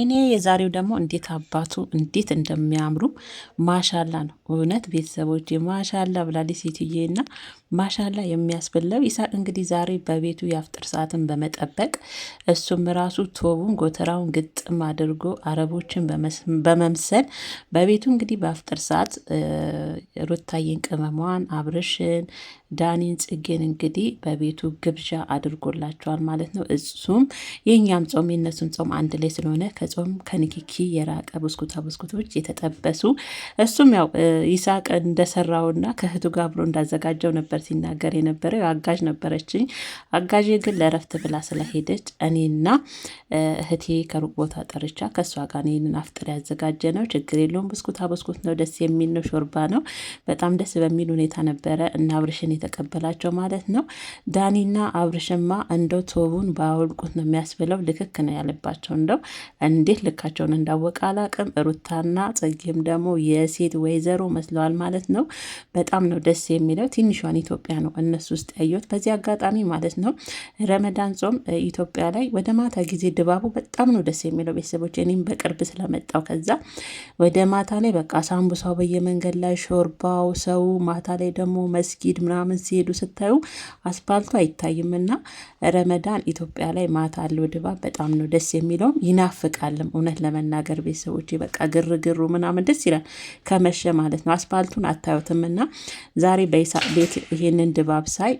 እኔ የዛሬው ደግሞ እንዴት አባቱ እንዴት እንደሚያምሩ ማሻላ ነው። እውነት ቤተሰቦች ማሻላ ብላለች ሴትዬ እና ማሻላ የሚያስብለው ይሳቅ እንግዲህ ዛሬ በቤቱ የአፍጥር ሰዓትን በመጠበቅ እሱም ራሱ ቶቡን ጎተራውን ግጥም አድርጎ አረቦችን በመምሰል በቤቱ እንግዲህ በአፍጥር ሰዓት ሩታዬን፣ ቅመሟን፣ አብርሽን፣ ዳኒን፣ ጽጌን እንግዲህ በቤቱ ግብዣ አድርጎላቸዋል ማለት ነው። እሱም የእኛም ጾም የእነሱን ጾም አንድ ላይ ስለሆነ ከጾም ከንክኪ የራቀ ብስኩታ ብስኩቶች የተጠበሱ እሱም ያው ይሳቅ እንደሰራውና ከእህቱ ጋር አብሮ እንዳዘጋጀው ነበር ሲናገር የነበረው። አጋዥ ነበረችኝ። አጋዥ ግን ለእረፍት ብላ ስለሄደች እኔና እህቴ ከሩቅ ቦታ ጠርቻ ከእሷ ጋር ይህንን አፍጥር ያዘጋጀ ነው። ችግር የለውም። ብስኩታ ብስኩት ነው። ደስ የሚል ነው። ሾርባ ነው። በጣም ደስ በሚል ሁኔታ ነበረ እና አብርሽን የተቀበላቸው ማለት ነው። ዳኒና አብርሽማ እንደው ቶቡን በአውልቁት ነው የሚያስብለው። ልክክ ነው ያለባቸው እንደው እንዴት ልካቸውን እንዳወቀ አላቅም። ሩታና ጽጌም ደግሞ የሴት ወይዘሮ መስለዋል ማለት ነው። በጣም ነው ደስ የሚለው። ትንሿን ኢትዮጵያ ነው እነሱ ውስጥ ያየሁት። በዚህ አጋጣሚ ማለት ነው ረመዳን ጾም ኢትዮጵያ ላይ ወደ ማታ ጊዜ ድባቡ በጣም ነው ደስ የሚለው። ቤተሰቦች እኔም በቅርብ ስለመጣው ከዛ ወደ ማታ ላይ በቃ ሳምቡሳው በየመንገድ ላይ ሾርባው፣ ሰው ማታ ላይ ደግሞ መስጊድ ምናምን ሲሄዱ ስታዩ አስፋልቱ አይታይም እና ረመዳን ኢትዮጵያ ላይ ማታ አለው ድባብ በጣም ነው ደስ የሚለውም ይናፍቅ አይበቃልም። እውነት ለመናገር ቤተሰቦች በቃ ግርግሩ ምናምን ደስ ይላል ከመሸ ማለት ነው። አስፋልቱን አታዩትም እና ዛሬ ቤት ይህንን ድባብ ሳይ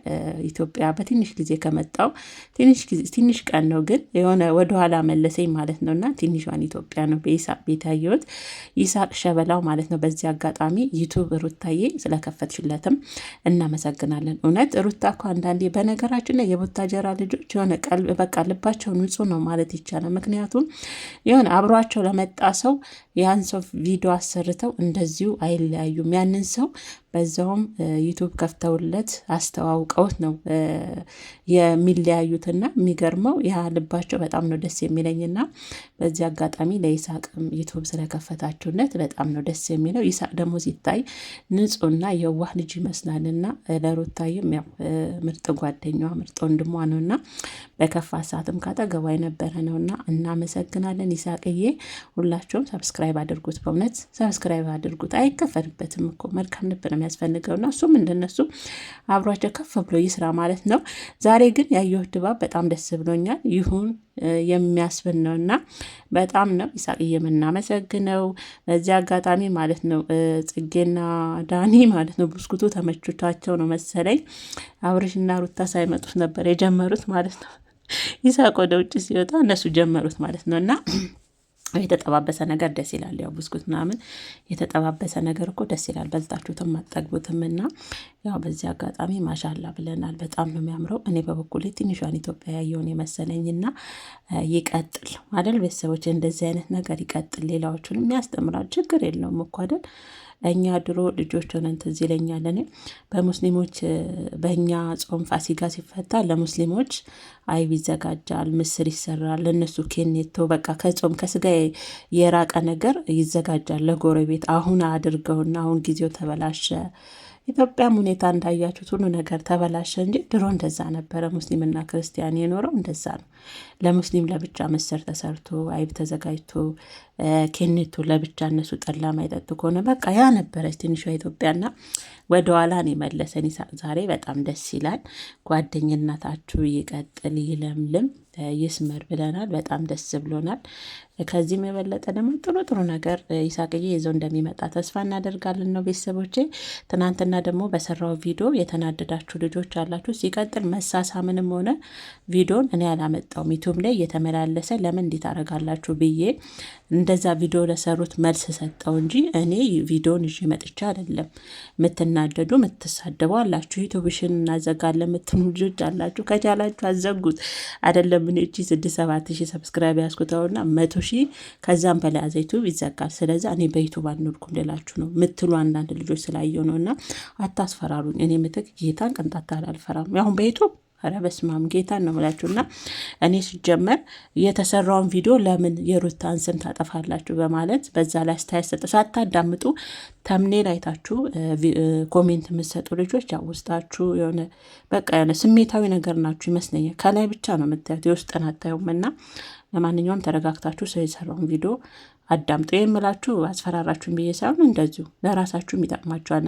ኢትዮጵያ በትንሽ ጊዜ ከመጣው ትንሽ ቀን ነው፣ ግን የሆነ ወደኋላ መለሰኝ ማለት ነው እና ትንሿን ኢትዮጵያ ነው በይስሐቅ ቤት ያየሁት። ይሳቅ ሸበላው ማለት ነው። በዚህ አጋጣሚ ዩቱብ ሩታዬ ስለከፈትሽለትም እናመሰግናለን። እውነት ሩታ እኮ አንዳንዴ በነገራችን ላይ የቦታጀራ ልጆች የሆነ ቀልብ በቃ ልባቸው ንጹህ ነው ማለት ይቻላል። ምክንያቱም የሆነ አብሯቸው ለመጣ ሰው ያን ሰው ቪዲዮ አሰርተው እንደዚሁ አይለያዩም። ያንን ሰው በዛውም ዩቱብ ከፍተውለት አስተዋውቀውት ነው የሚለያዩትና የሚገርመው ያ ልባቸው በጣም ነው ደስ የሚለኝና በዚህ አጋጣሚ ለይሳቅም ዩቱብ ስለከፈታችሁለት በጣም ነው ደስ የሚለው። ይሳቅ ደግሞ ሲታይ ንጹሕና የዋህ ልጅ ይመስላልና ለሩታይም ያው ምርጥ ጓደኛዋ ምርጥ ወንድሟ ነውና በከፋ ሰዓትም ካጠገቧ የነበረ ነውና እናመሰግናለን። እንላለን። ይሳቅዬ ሁላችሁም ሰብስክራይብ አድርጉት፣ በእውነት ሰብስክራይብ አድርጉት። አይከፈልበትም እኮ መልካም ልብ ነው የሚያስፈልገው እና እሱም እንደነሱ አብሯቸው ከፍ ብሎ ይስራ ማለት ነው። ዛሬ ግን ያየሁት ድባብ በጣም ደስ ብሎኛል። ይሁን የሚያስብን ነው እና በጣም ነው ይሳቅዬ የምናመሰግነው በዚህ አጋጣሚ ማለት ነው። ጽጌና ዳኒ ማለት ነው ብስኩቱ ተመችቷቸው ነው መሰለኝ አብርሽና ሩታ ሳይመጡት ነበር የጀመሩት ማለት ነው። ይሳቅ ወደ ውጭ ሲወጣ እነሱ ጀመሩት ማለት ነው እና የተጠባበሰ ነገር ደስ ይላል። ያው ብስኩት ምናምን የተጠባበሰ ነገር እኮ ደስ ይላል። በልጣችሁትም አጠግቡትም እና ያው በዚህ አጋጣሚ ማሻላ ብለናል። በጣም ነው የሚያምረው። እኔ በበኩሌ ትንሿን ኢትዮጵያ ያየውን የመሰለኝ እና ይቀጥል አደል ቤተሰቦች፣ እንደዚህ አይነት ነገር ይቀጥል። ሌላዎቹንም ያስተምራል። ችግር የለውም እኮ እኛ ድሮ ልጆች ሆነን ትዝ ይለኛል በሙስሊሞች በእኛ ጾም ፋሲጋ ሲፈታ ለሙስሊሞች አይብ ይዘጋጃል፣ ምስር ይሰራል፣ ለእነሱ ኬኔቶ በቃ ከጾም ከስጋ የራቀ ነገር ይዘጋጃል ለጎረቤት። አሁን አድርገውና አሁን ጊዜው ተበላሸ። ኢትዮጵያም ሁኔታ እንዳያችሁት ሁሉ ነገር ተበላሸ እንጂ ድሮ እንደዛ ነበረ። ሙስሊምና ክርስቲያን የኖረው እንደዛ ነው። ለሙስሊም ለብቻ ምስር ተሰርቶ አይብ ተዘጋጅቶ ኬኔቱ ለብቻ እነሱ ጠላ ማይጠጡ ከሆነ በቃ ያ ነበረች ትንሿ ኢትዮጵያና ነው የመለሰን ዛሬ በጣም ደስ ይላል። ጓደኝነታችሁ ይቀጥል፣ ይለምልም፣ ይስመር ብለናል። በጣም ደስ ብሎናል። ከዚህም የበለጠ ደግሞ ጥሩ ጥሩ ነገር ይሳቅዬ ይዘው እንደሚመጣ ተስፋ እናደርጋለን ነው ቤተሰቦቼ። ትናንትና ደግሞ በሰራው ቪዲዮ የተናደዳችሁ ልጆች አላችሁ። ሲቀጥል መሳሳምንም ሆነ ቪዲዮን እኔ አላመጣውም ዩቱብ ላይ እየተመላለሰ ለምን እንዴት አረጋላችሁ ብዬ እንደዛ ቪዲዮ ለሰሩት መልስ ሰጠው እንጂ እኔ ቪዲዮን ይዤ መጥቻ አይደለም። የምትናደዱ የምትሳደቡ አላችሁ፣ ዩቱብሽን እናዘጋለን የምትሉ ልጆች አላችሁ። ከቻላችሁ አዘጉት። አይደለም እኔ እቺ ስድስት ሰባት ሺህ ሰብስክራይብ ያስኩተውና መቶ ሺህ ከዛም በላይ ያዘ ዩቱብ ይዘጋል። ስለዚ እኔ በዩቱብ አልኖርኩም ልላችሁ ነው የምትሉ አንዳንድ ልጆች ስላየው ነው። እና አታስፈራሩኝ። እኔ ምትክ ጌታን ቅንጣት አልፈራም። ያሁን በዩቱብ ኧረ በስመ አብ ጌታን ነው እና እኔ ሲጀመር የተሰራውን ቪዲዮ ለምን የሩታን ስም ታጠፋላችሁ በማለት በዛ ላይ አስተያየት ሰጠ። ሳታዳምጡ ተምኔል አይታችሁ ኮሜንት የምትሰጡ ልጆች ያው ውስጣችሁ የሆነ በቃ የሆነ ስሜታዊ ነገር ናችሁ ይመስለኛል። ከላይ ብቻ ነው የምታዩት፣ የውስጥን አታዩም። እና ለማንኛውም ተረጋግታችሁ ሰው የሰራውን ቪዲዮ አዳምጡ። የምላችሁ አስፈራራችሁን ብዬ ሳይሆን እንደዚሁ ለራሳችሁ ይጠቅማችኋል።